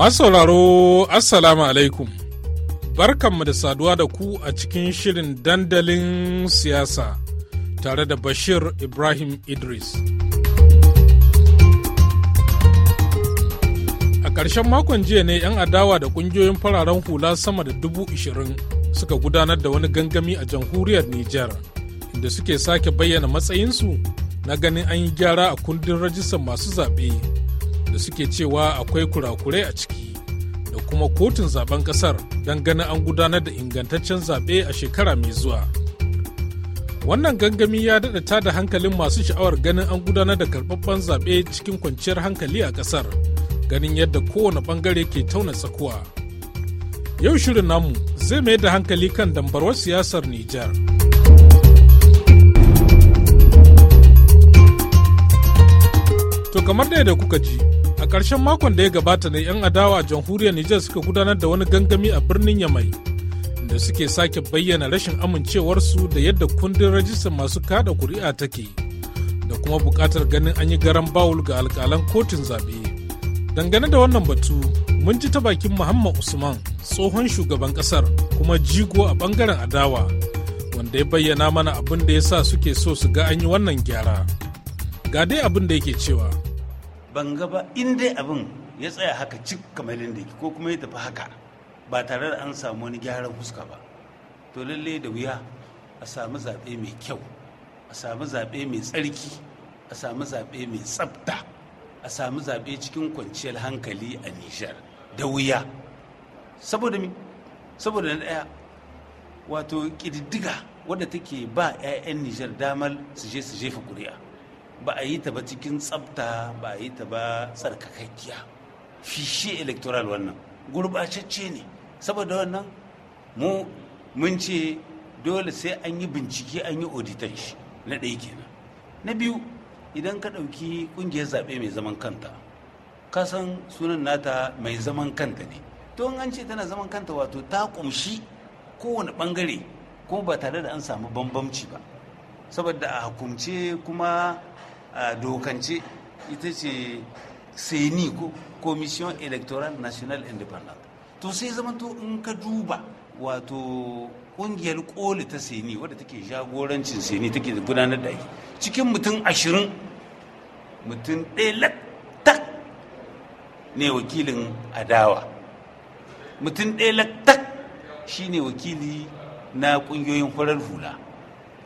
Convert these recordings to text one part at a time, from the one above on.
Masu sauraro Assalamu alaikum. Barkanmu da saduwa da ku a cikin shirin dandalin siyasa tare da Bashir Ibrahim Idris. A ƙarshen makon jiya ne 'yan adawa da ƙungiyoyin fararen hula sama da dubu ishirin suka gudanar da wani gangami a jamhuriyar Nijar, inda suke sake bayyana matsayinsu na ganin an yi gyara a kundin rajistar masu zaɓe. da suke cewa akwai kurakurai a ciki da kuma kotun zaben kasar don ganin an gudanar da ingantaccen zaɓe a shekara mai zuwa wannan gangami ya daɗa da hankalin masu sha'awar ganin an gudanar da karɓaɓɓen zaɓe cikin kwanciyar hankali a ƙasar ganin yadda kowane ɓangare ke tauna tsakuwa yau shirin namu zai mai da hankali kan dambarwar siyasar nijar To kamar da kuka ji, A ƙarshen makon da ya gabata ne 'yan adawa a jamhuriyar Nijar suka gudanar da wani gangami a birnin Yamai da suke sake bayyana rashin amincewarsu da yadda kundin rajistar masu kada kuri'a take da kuma buƙatar ganin an yi garan bawul ga alƙalan kotun zaɓe. Dangane da wannan batu, mun ji ta bakin Muhammad Usman tsohon shugaban ƙasar kuma jigo a ɓangaren adawa wanda ya bayyana mana abin da ya sa suke so su ga an yi wannan gyara. Ga dai abin da yake cewa. ban ga ba in dai abin ya tsaya haka cik kamar yadda ko kuma ya tafi haka ba tare da an samu wani gyaran fuska ba to lalle da wuya a samu zaɓe mai kyau a samu zaɓe mai tsarki a samu zaɓe mai tsafta a samu zaɓe cikin kwanciyar hankali a nijar da wuya saboda mi saboda na ɗaya wato ƙididdiga wadda take ba 'ya'yan nijar damar su je su jefa ƙuri'a ba a yi ta ba cikin tsafta ba a yi ta ba tsarkakakkiya fishe electoral wannan gurɓacacce ne saboda wannan mu mun ce dole sai an yi bincike an yi auditan na ɗaya kenan na biyu idan ka ɗauki ƙungiyar zaɓe mai zaman kanta ka san sunan nata mai zaman kanta ne to an ce tana zaman kanta wato ta ƙumshi kowane ɓangare ko ba tare da an samu bambamci ba saboda a hukumce kuma dokance ita ce seni ko commission electoral national independent to sai zama to in ka duba wato kungiyar koli ta seni wadda take jagorancin seni take gudanar da cikin mutum ashirin mutum ɗaya tak ne wakilin adawa mutum ɗaya tak shi ne wakili na ƙungiyoyin farar hula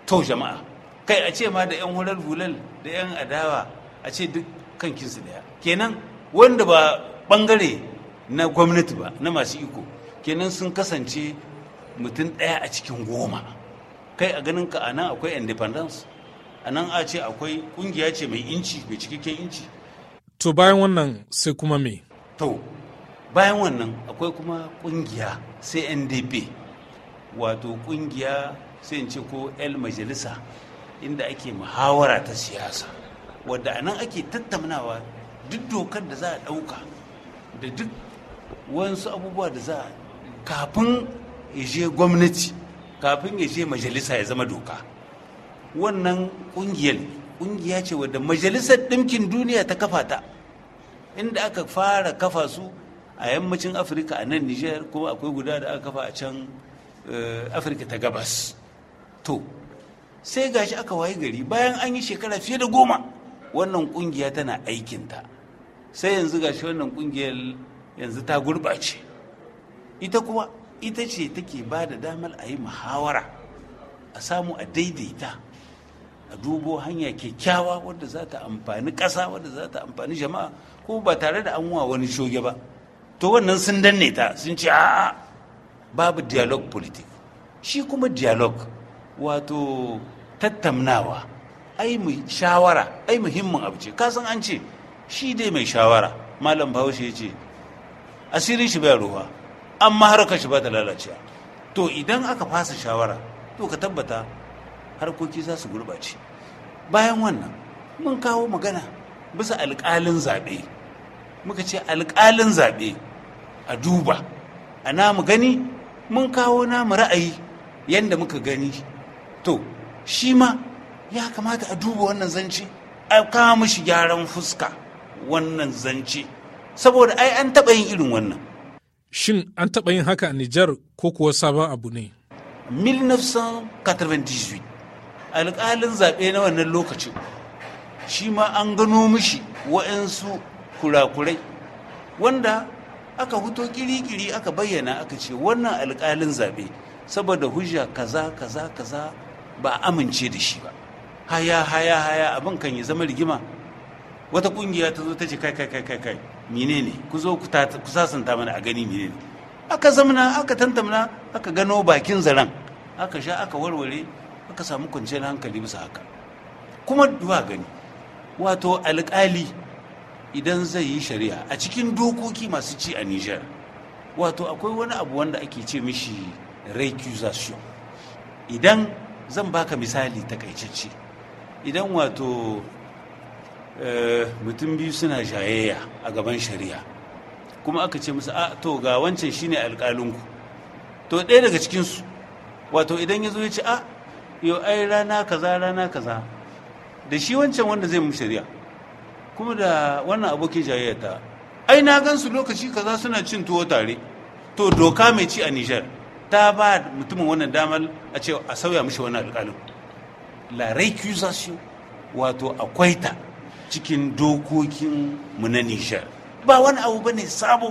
to jama'a kai a ce ma da 'yan hular hulal da 'yan adawa a ce duk kan kinsu daya kenan wanda ba bangare na gwamnati ba na masu iko kenan sun kasance mutum daya a cikin goma kai a ganin ka anan akwai independence anan a ce akwai kungiya ce mai inci mai cikakken inci to bayan wannan sai kuma me to bayan wannan akwai kuma kungiya sai ndp wato kungiya sai in ce ko el majalisa inda ake muhawara ta siyasa wadda a nan ake tattaunawa duk dokar da za a ɗauka da duk wasu abubuwa da za a kafin ya je gwamnati kafin ya je majalisa ya zama doka wannan ƙungiyar ƙungiya ce wadda majalisar ɗinkin duniya ta kafa ta inda aka fara kafa su a yammacin afirka a nan nijar kuma akwai guda da aka kafa a can eh, afirka ta gabas to sai gashi aka waye gari bayan an yi shekara fiye da goma wannan kungiya tana aikinta sai yanzu gashi wannan kungiyar yanzu ta gurbace ita kuma ita ce take ba da damar a yi muhawara a samu a daidaita a dubo hanya kyakkyawa wadda za ta amfani ƙasa wadda za ta amfani jama'a ko ba tare da an wa wani shoge ba to wannan sun danne ta sun ce a'a babu dialogue politic shi kuma dialogue wato tattamnawa. ai mu shawara ai muhimmin abu ce ka san an ce shi dai mai shawara malam bahaushe ya ce asirin shi bai ruwa amma harkar shi ba ta lalacewa to idan aka fasa shawara to ka tabbata harkoki za su gurbace bayan wannan mun kawo magana bisa alƙalin zaɓe muka ce alƙalin zaɓe a duba a namu gani mun kawo namu ra'ayi yadda muka gani to shi ma ya kamata a duba wannan zance a kama mishi gyaran fuska wannan zance saboda ai an taɓa yin irin wannan shin an taɓa yin haka a nijar ko kuwa sabon abu ne 1998 alƙalin zaɓe na wannan lokacin shi ma an gano mishi waɗansu kurakurai wanda aka huto kiri-kiri aka bayyana aka ce wannan alƙalin zaɓe saboda hujja kaza kaza kaza ba a amince da shi ba haya haya haya abin kan ya zama rigima wata kungiya ta zo ta ce kai kai kai kai kai menene ku zo ku sasanta mana a gani menene aka zamana aka tantamna aka gano bakin zaren aka sha aka warware aka samu kwanciyar hankali bisa haka kuma duwa gani wato alƙali idan zai yi shari'a a cikin dokoki masu ci a Nijar wato akwai wani abu wanda ake ce mishi recusation idan zan baka misali takaicacce idan wato eh, mutum biyu suna jayayya a gaban shari'a kuma aka ce musu a to ga wancan shine alƙalinku to ɗaya daga cikinsu wato idan ya zo ya ce a yau ai rana kaza rana kaza da shi wancan wanda zai mu shari'a kuma da wannan abokin jayayya ta ai na gansu lokaci kaza suna cin tuwo tare to doka mai ci a nijar ta ba mutumin wannan damar a ce a sauya mishi wani alƙalin la recusation wato akwai ta cikin dokokin mu na nishar ba wani abu ba ne sabo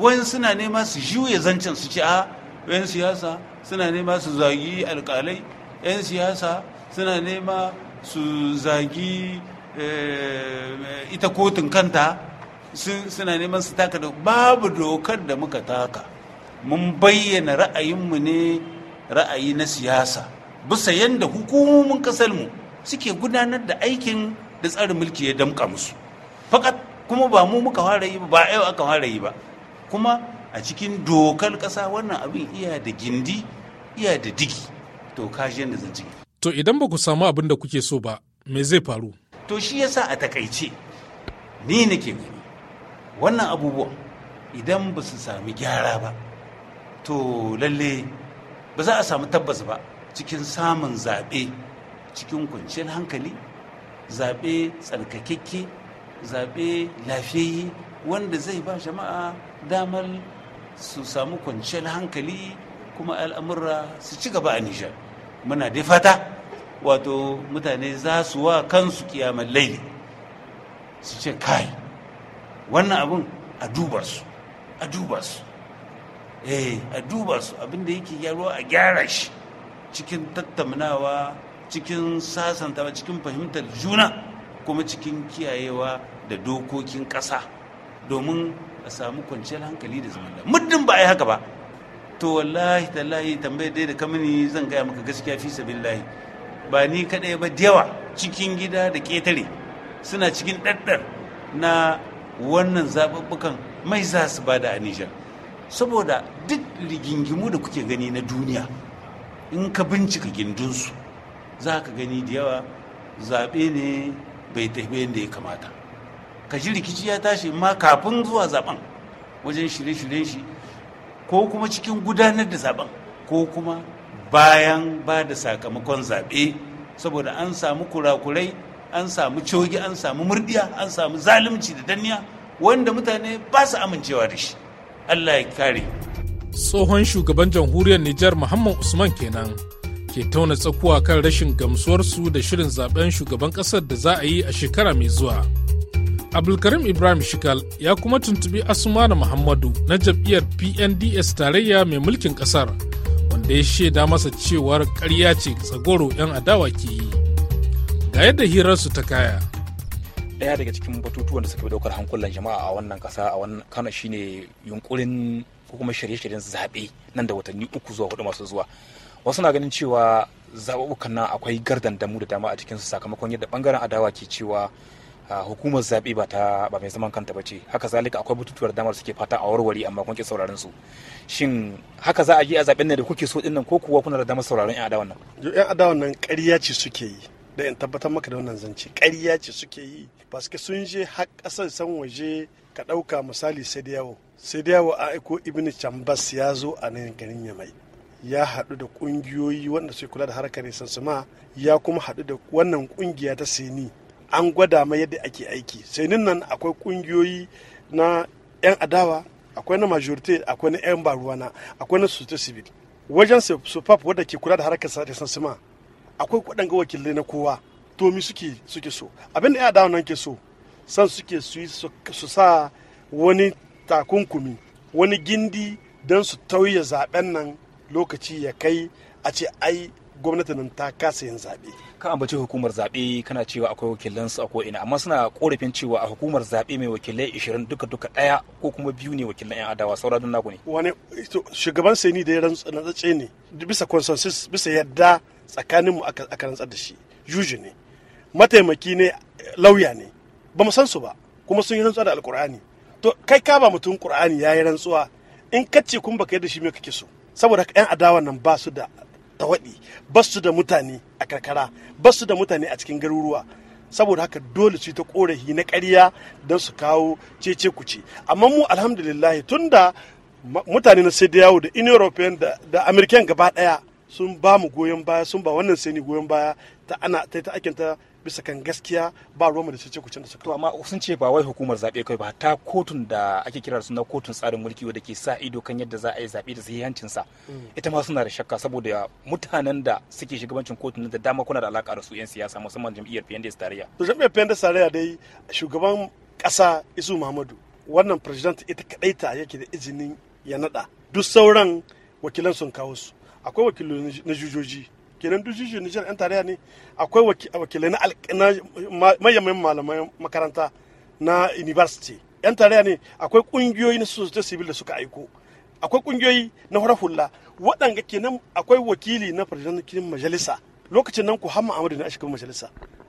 wani suna nema su juya zancen su ce a ah, yan siyasa suna nema su zagi alƙalai yan siyasa suna nema su zagi eh, ita kotun kanta suna neman su taka da babu dokar da muka taka mun bayyana ra'ayinmu ne ra'ayi na siyasa bisa yadda hukumomin mu suke gudanar da aikin da tsarin mulki ya damƙa musu fakat kuma ba mu muka fara yi ba ba yau aka fara yi ba kuma a cikin dokar kasa wannan abin iya da gindi iya da digi to kashi yadda zan ciki. to idan ba ku samu abin da kuke so ba me zai faru to shi yasa a takaice ni nake gani wannan abubuwan idan ba su sami gyara ba to lalle ba za a samu tabbas ba cikin samun zaɓe cikin kwanciyar hankali zaɓe tsarkakekke zaɓe lafiyayye wanda zai ba jama'a damar su samu kwanciyar hankali kuma al'amurra su ci gaba a nijar muna dai fata wato mutane za su wa kansu kiyamar laili su ce kai wannan abun a duba su a duba su eh a duba su abinda yake gyaruwa a gyara shi cikin tattaunawa cikin sasantawa cikin fahimtar juna kuma cikin kiyayewa da dokokin ƙasa domin a samu kwanciyar hankali da zaman muddin ba a yi haka ba to wallahi tallahi tambayar dai da kamini zan gaya maka gaskiya fi sabillahi ba ni kaɗai ba da yawa cikin gida da ƙetare suna cikin ɗaɗɗar na wannan zaɓuɓɓukan mai za su bada a Nijar saboda duk rigingimu da kuke gani na duniya in ka bincika gindinsu za ka gani da yawa zaɓe ne bai tafi yadda ya kamata ka shi rikici ya tashi ma kafin zuwa zaɓen wajen shirye-shiryen shi ko kuma cikin gudanar da zaɓen, ko kuma bayan ba da sakamakon zaɓe saboda an samu kurakurai an samu cogi an samu murdiya an samu zalunci da danniya wanda mutane ba su amincewa da shi allah ya kare tsohon shugaban jamhuriyar Nijar Muhammad Usman kenan ke tauna tsakuwa kan rashin gamsuwarsu da shirin zaben shugaban ƙasar da za a yi a shekara mai zuwa. Abdulkarim Ibrahim Shikal ya kuma tuntubi Asumana Muhammadu na jam'iyyar PNDS tarayya mai mulkin ƙasar wanda ya shaida masa cewar ƙarya ce tsagoro 'yan adawa ke yi. Ga yadda hirarsu ta kaya. ɗaya daga cikin batutuwan da suka fi ɗaukar hankulan jama'a a wannan ƙasa a wannan kano shine yunkurin ko kuma shirye-shiryen zaɓe nan da watanni uku zuwa hudu masu zuwa wasu na ganin cewa zaɓuɓɓukan nan akwai damu da dama a cikinsu sakamakon yadda ɓangaren adawa ke cewa hukumar zaɓe ba ta ba mai zaman kanta ba ce haka zalika akwai bututuwar damar suke fata a warware amma kun ki sauraron su shin haka za a yi a zaɓen nan da kuke so ɗin nan ko kuwa kuna da damar sauraron 'yan adawan nan 'yan adawan nan ƙarya ce suke yi da in tabbatar maka da wannan zance ƙarya ce suke yi baske sun je har ƙasar san waje ka ɗauka misali sai da yawo sai da yawo a aiko ibn chambas ya zo a nan garin yamai ya haɗu da ƙungiyoyi wanda su kula da harkar sansuma ya kuma haɗu da wannan ƙungiya ta seni an gwada mai yadda ake aiki senin nan akwai ƙungiyoyi na 'yan adawa akwai na majorite akwai na 'yan baruwana akwai na sote civil wajen sufaf wadda ke kula da harkar sansuma akwai kuɗin ga wakilai na kowa to mi suke suke so abin da ya dawo nan ke so san suke su su sa wani takunkumi wani gindi don su tauye zaben nan lokaci ya kai a ce ai gwamnati nan ta kasa yin zaɓe. ka ambaci hukumar zaɓe kana cewa akwai wakilan su a ko'ina amma suna korafin cewa a hukumar zaɓe mai wakilai ishirin duka duka ɗaya ko kuma biyu ne wakilan yan adawa saura don naku ne. wani shugaban ni da ya rantsa ne bisa consensus bisa yadda tsakanin mu aka rantsar da shi juju ne mataimaki ne lauya ne ba mu san su ba kuma sun yi rantsuwa da alkur'ani to kai ka ba mutum qur'ani yayi rantsuwa in kace kun baka yadda shi me kake so saboda haka yan adawa nan ba su da tawadi ba su da mutane a karkara ba su da mutane a cikin garuruwa saboda haka dole su yi ta korafi na ƙarya don su kawo cece kuce amma mu alhamdulillah tunda mutane na sai da yawo da in da american gaba daya. sun ba mu goyon baya sun ba wannan sai ni goyon baya ta ana ta ta ta bisa kan gaskiya ba roma da cece kucin da suka. To amma sun ce ba wai hukumar zaɓe kai ba ta kotun da ake kira suna kotun tsarin mulki wanda ke sa ido kan yadda za a yi zaɓe da sahihancin sa. Mm. Ita ma suna da shakka saboda mutanen da suke shugabancin kotun da dama kuna da alaka da su 'yan siyasa musamman jam'iyyar PNDS tarayya. To jam'iyyar PNDS tarayya dai shugaban kasa Isu Muhammadu wannan president ita kaɗai ta yake da izinin ya nada duk sauran wakilan sun kawo su. akwai wakilai na jujoji kenan duk jijiyar nijar yan tarayya ne akwai wakilai na mayamman malamai makaranta na university yan tarayya ne akwai kungiyoyi na sosai civil da suka aiko akwai kungiyoyi na horar hula waɗanga kenan akwai wakili na farjan majalisa lokacin nan ku hamma amadu na a majalisa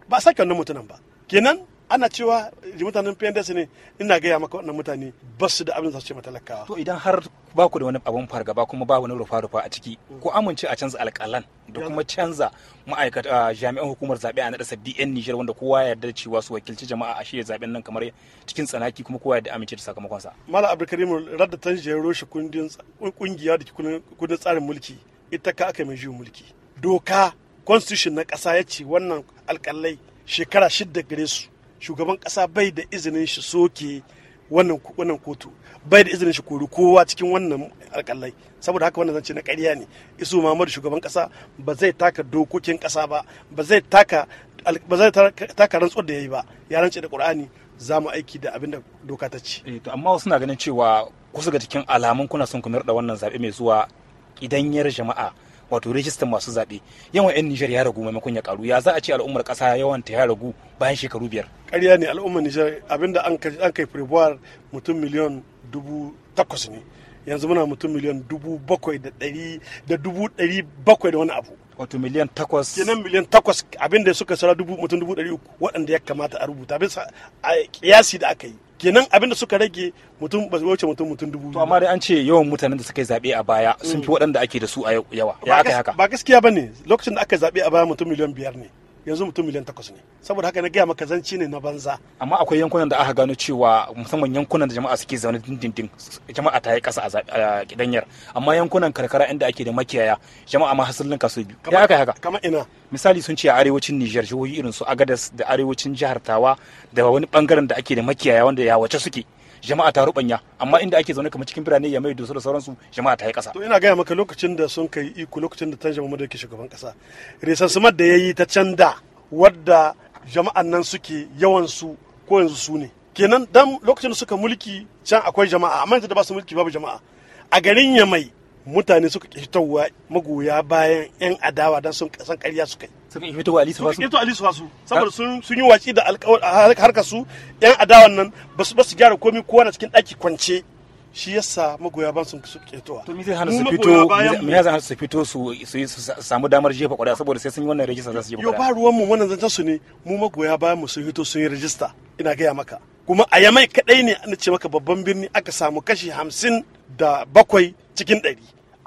ba sake wannan mutunan ba kenan ana cewa mutanen PNDS ne ina gaya maka wannan mutane ba su da abin da su ce talakawa. To idan har ba ku da wani abin fargaba kuma ba wani rufa-rufa a ciki ko amince a canza alƙalan da kuma canza ma'aikata jami'an hukumar zaɓe a naɗasa DN 'yan wanda kowa ya yarda cewa su wakilci jama'a a shirya zaɓen nan kamar cikin tsanaki kuma kowa ya amince da sa. Malam Abdulkarim radda tanjiyar roshe kundin kungiya da kundin tsarin mulki ita ka aka mai juyin mulki. Doka constitution na ƙasa ya ce wannan alƙalai shekara shidda gare su shugaban kasa bai da izinin shi soke wannan kotu bai da izinin shi kori kowa cikin wannan alkalai saboda haka wannan zance na ƙarya ne isu mamadu shugaban ƙasa ba zai taka dokokin ƙasa ba ba zai taka ba zai taka rantsuwar da yayi ba ya rance da Qur'ani za mu aiki da abin da doka ta ci. eh to amma wasu na ganin cewa kusa ga cikin alamun kuna son ku da wannan zabe mai zuwa idan yar jama'a wato rijistar masu zaɓe yawan 'yan Nijar ya ragu maimakon ya karu ya za a ce al'ummar ƙasa yawan ta ya ragu bayan shekaru biyar. Ƙarya ne al'ummar Nijar abinda an kai firibuwar mutum miliyan dubu takwas ne yanzu muna mutum miliyan dubu bakwai da ɗari da dubu ɗari bakwai da wani abu. wato miliyan takwas kenan miliyan takwas abinda suka sara dubu mutum dubu ɗari uku waɗanda ya kamata a rubuta bisa a kiyasi da aka yi kenan abinda suka rage mutum ba wuce mutum mutum dubu to amma dai an ce yawan mutanen da suka yi zabe a baya sun fi mm. waɗanda ake da su a yawa ya aka haka ba gaskiya bane lokacin da aka zabe a baya mutum miliyan biyar ne yanzu mutum miliyan takwas ne saboda haka na gaya maka zanci ne na banza amma akwai yankunan da aka gano cewa musamman yankunan da jama'a suke zaune dindindin jama'a ta yi kasa a kidanyar amma yankunan karkara inda ake da makiyaya jama'a ma hasalin kaso biyu ya aka haka kamar ina misali sun ce a arewacin Nijar jihohi irin su Agadas da arewacin jihar Tawa da wani bangaren da ake da makiyaya wanda ya wace suke jama'a ta rubanya amma inda ake zaune kamar cikin birane ya mai da sauransu jama'a ta yi kasa to ina gaya maka lokacin da sun kai iko lokacin da tanjama madu yake shugaban kasa resansimar da ya yi ta da wadda jama'an nan suke yawan su ko yanzu su ne kenan dan lokacin da suka mulki can akwai jama'a amma yanzu da ba su mulki babu jama'a a garin yamai mutane suka ƙi fitowa magoya bayan 'yan adawa don sun san ƙarya suka yi. Suka ƙi fitowa Alisu Fasu? Suka Alisu Fasu. Saboda sun yi watsi da harkar su 'yan adawan nan ba su gyara komi kowa na cikin ɗaki kwance. shi yasa magoya ban sun su ketowa to me zai hana su fito me zai hana su fito su samu damar jefa kwada saboda sai sun yi wannan rajista za su jefa kwada yo ba ruwan mu wannan zancen su ne mu magoya bayan mu sun fito sun yi rajista ina gaya maka kuma a yamai kadai ne an ce maka babban birni aka samu kashi hamsin da bakwai cikin ɗari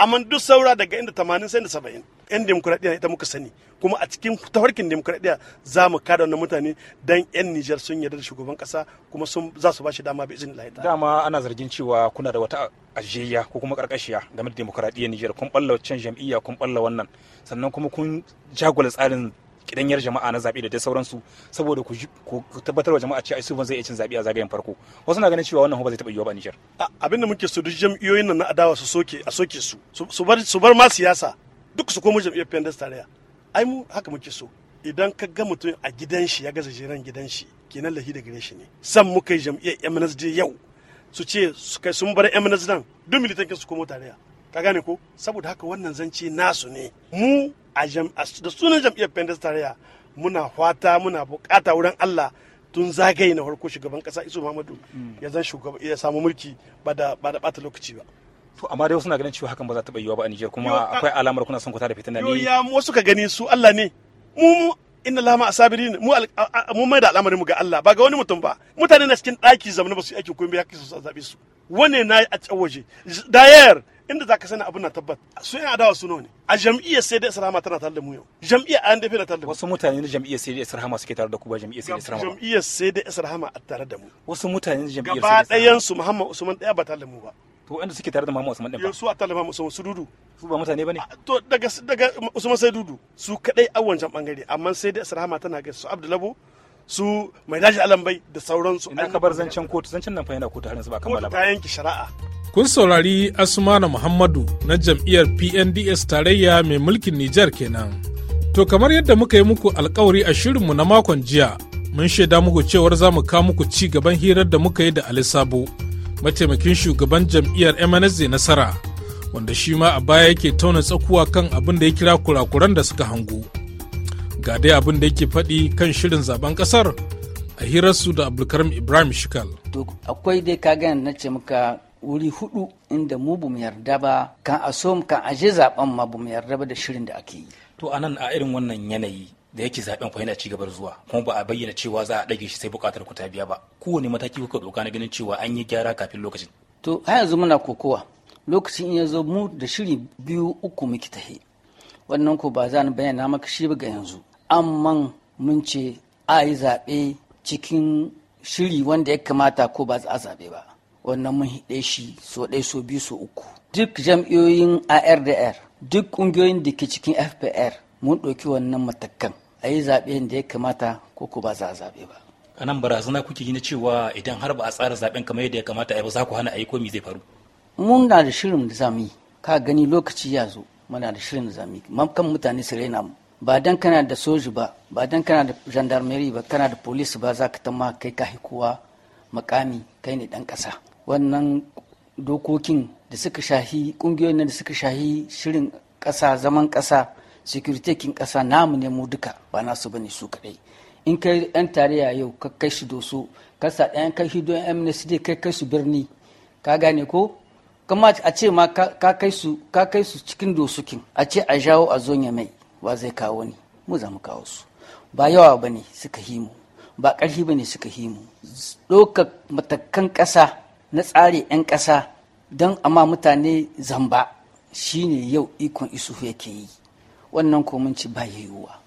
amma duk saura daga inda tamanin sai da saba'in yan demokuraɗiyya ita muka sani kuma a cikin tafarkin demokuraɗiyya za mu kada wannan mutane dan yan nijar sun yarda da shugaban ƙasa kuma sun za su ba dama bi izini lahita dama ana zargin cewa kuna da wata ajiya ko kuma karkashiya game da demokuraɗiyya nijar kun balla wancan jam'iyya kun balla wannan sannan kuma kun jagula tsarin kidanyar jama'a na zabi da dai sauransu saboda ku tabbatar wa jama'a cewa su ban zai iya cin zabi a zagayen farko wasu na ganin cewa wannan ba zai taba yiwuwa ba Nijar. abinda muke so duk jam'iyyoyin nan na adawa su soke a soke su su bar ma siyasa duk su koma jam'iyyar pendas tarayya ai mu haka muke so idan ka ga mutum a gidan shi ya gaza jiran gidan shi kenan lahi da gare shi ne san muka yi jam'iyyar MNSD yau su ce su sun bar MNSD nan duk militan su komo tarayya ka gane ko saboda haka wannan zance nasu ne mu a da sunan jam'iyyar pendas tarayya muna fata muna bukata wurin Allah tun zagaye na farko shugaban kasa isu Muhammadu ya zan ya samu mulki ba da ba da bata lokaci ba to amma dai na ganin cewa hakan ba za ta bayyana ba a Niger kuma akwai alamar kuna son kuta da fitina ne ya mu ka gani su Allah ne mu inna lama asabiri mu mu mai da al'amarin mu ga Allah ba ga wani mutum ba mutane na cikin daki zamani ba su yi aikin komai ya kisa su zabe su wane na a waje dayar inda ka sani abin na tabbat su yan adawa su ne a jam'iyyar sai da isra'ama tana tare da mu yau jam'iyyar an dafe na tare da mu wasu mutane na jam'iyyar sai da isra'ama suke tare da ku ba jam'iyyar sai da isra'ama jam'iyyar sai da isra'ama a tare da mu wasu mutane na jam'iyyar sai da gaba ɗayan su muhammad usman ɗaya ba tare da mu ba to inda suke tare da Muhammad Usman ɗaya ba su a tare da Muhammad Usman su dudu su ba mutane bane to daga daga Usman sai dudu su kadai a wancan bangare amma sai da Isra'ama tana ga su su mai daji alambai da sauransu ina ka bar zancen kotu zancen nan fa yana kotu harin su ba kammala ba ta yanki shari'a kun saurari asmana muhammadu na jam'iyyar pnds tarayya mai mulkin niger kenan to kamar yadda muka yi muku alkawari a shirinmu na makon jiya mun shaida muku cewar za mu kawo muku ci gaban hirar da muka yi da ali sabo mataimakin shugaban jam'iyyar mns nasara wanda shi ma a baya yake tauna tsakuwa kan abin da ya kira kurakuran da suka hango ga dai abin da yake faɗi kan shirin zaben ƙasar a hirarsu da abdulkarim ibrahim shikal to akwai dai ka gani na ce maka wuri hudu inda mu bamu yarda ba kan a so kan aje zaben ma bamu yarda ba da shirin da ake yi to anan a irin wannan yanayi da yake zaben fa yana ci gabar zuwa kuma ba a bayyana cewa za a ɗage shi sai buƙatar ku ta biya ba kowane mataki kuka doka na ganin cewa an yi gyara kafin lokacin to har yanzu muna kokowa lokacin in ya zo mu da shiri biyu uku muke tahe wannan ko ba za ni bayyana maka shi ba ga yanzu amman mun ce a yi zaɓe cikin shiri wanda ya kamata ko ba za a zaɓe ba wannan mun hiɗe shi so ɗaya so biyu so uku duk jam'iyoyin ardr duk ƙungiyoyin da ke cikin fpr mun ɗauki wannan matakan a yi zaɓe da ya kamata ko ko ba za a zaɓe ba a nan barazana kuke yi na cewa idan har ba a tsara zaɓen kamar yadda ya kamata ba za ku hana a yi komi zai faru mun na da shirin da zamu yi ka gani lokaci ya zo muna da shirin da zamu yi kan mutane su raina mu ba dan kana da soji ba ba dan kana da gendarmerie ba kana da police ba za ka tamma kai ka kowa makami kai ne dan kasa wannan dokokin da suka shahi kungiyoyin da suka shahi shirin kasa zaman kasa security kasa namu ne mu duka ba nasu bane su kadai in kai yan tarayya yau ka kai shi doso kasa ɗayan kai shi don amnesty kai kai su birni ka gane ko kama a ce ma ka kai su cikin dosukin a ce a jawo a zo mai wa zai kawo ni mu za mu kawo su ba yawa ba ne suka himu ba ƙarfi ba ne suka himu doka matakan ƙasa na tsare 'yan ƙasa don amma mutane zamba shine yau ikon isu yake yi wannan komunci ba yiwuwa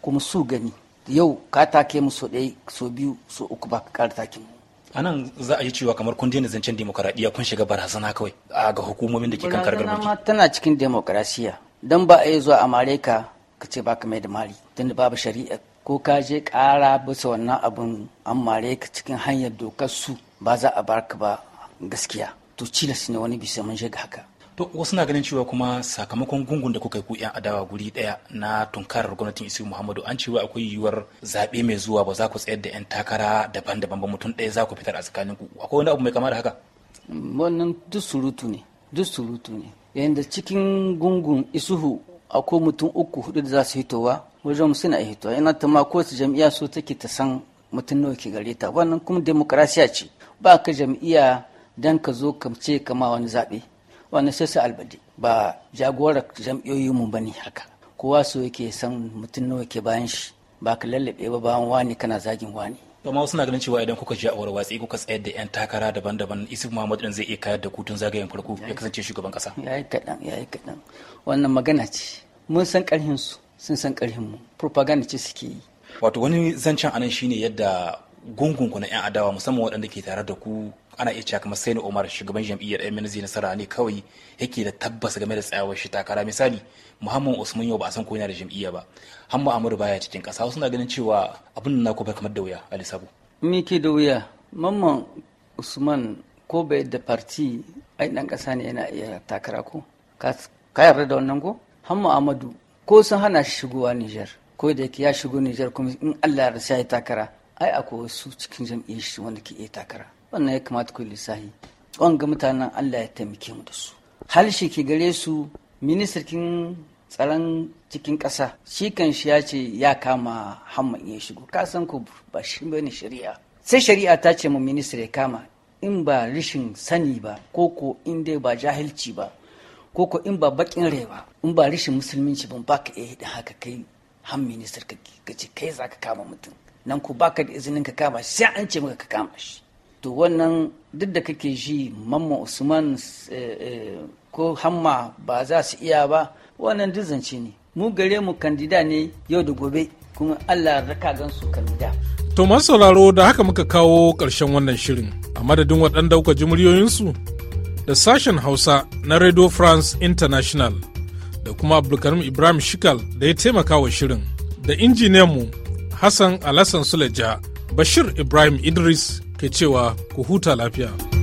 kuma su gani yau ka take mu so ɗaya so biyu so uku ba ka ƙara take mu anan za a yi cewa kamar kun daina zancen demokaradiyya kun shiga barazana kawai a ga hukumomin da ke kan kargar mulki tana cikin demokarasiya don ba a yi zuwa a ka ce baka mai da mari da babu shari'a ko ka je kara bisa wannan abun an mare ka cikin hanyar dokar su ba za a ka ba gaskiya to cilas ne wani bisa mun shiga haka to wasu na ganin cewa kuma sakamakon gungun da kuka yi ku yan adawa guri daya na tunkarar gwamnatin isu muhammadu an cewa akwai yiwuwar zaɓe mai zuwa ba za ku tsayar da yan takara daban-daban ba mutum ɗaya za ku fitar a tsakanin ku akwai wani abu mai kama da haka wannan duk surutu ne duk surutu ne yayin da cikin gungun isuhu akwai mutum uku hudu da za su hitowa wajen suna hitowa ina ta ma kowace jam'iyya so take ta san mutum nawa ke gare ta wannan kuma demokarasiya ce ba ka jam'iyya dan ka zo ka ce kama wani zaɓe wannan sai albadi ba jagorar jam'iyyoyin mu bane haka kowa so yake san mutum nawa ke bayan shi ba ka lallabe ba bayan wani kana zagin wani amma wasu na ganin cewa idan kuka je a warwatsi kuka tsayar da yan takara daban-daban isu muhammad din zai iya kayar da kutun zagayen farko ya kasance shugaban kasa yayi kadan yayi kadan wannan magana ce mun san karhin su sun san karhin mu propaganda ce suke yi wato wani zancen anan shine yadda gungun ku na yan adawa musamman waɗanda ke tare da ku ana iya cewa kamar sai Umar shugaban jam'iyyar MNZ nasara ne kawai yake da tabbas game da tsayawar shi takara misali Muhammad Usman yau ba a san ko yana da jam'iyya ba Hamma Amuru baya cikin kasa suna ganin cewa abin na ku kamar da wuya Ali Sabo ni ke da wuya Mamman Usman ko bai da parti ai dan kasa ne yana iya takara ko ka yarda da wannan ko Hamma Amadu ko sun hana shi shigowa Niger ko da yake ya shigo Niger kuma in Allah ya rasa ya takara ai akwai wasu cikin jam'iyyar shi wanda ke iya takara wannan ya kamata ku lissahi ga mutanen Allah ya taimake mu da su shi ke gare su ministirkin tsaron cikin ƙasa shi kan shi ya ce ya kama hamman ya shigo ka san ko ba shi bane shari'a sai shari'a ta ce mu ministir ya kama in ba rishin sani ba ko ko in dai ba jahilci ba ko ko in ba bakin rai ba in ba rishin musulminci ba ka iya haka kai ham ministir ka ce kai za ka kama mutum nan ku baka da izinin ka kama sai an ce maka ka kama shi to wannan duk da kake ji mamman usman eh, eh, ko hamma ba za su iya ba wannan duk zance ne mu gare mu kandida ne yau da gobe kuma allah raka gan su kandida to masu sauraro da haka muka kawo ƙarshen wannan shirin a madadin waɗanda kuka ji muryoyinsu da sashen hausa na radio france international da kuma abdulkarim ibrahim shikal da ya taimaka wa shirin da injiniyanmu hassan alassan suleja bashir ibrahim idris ke cewa ku huta lafiya.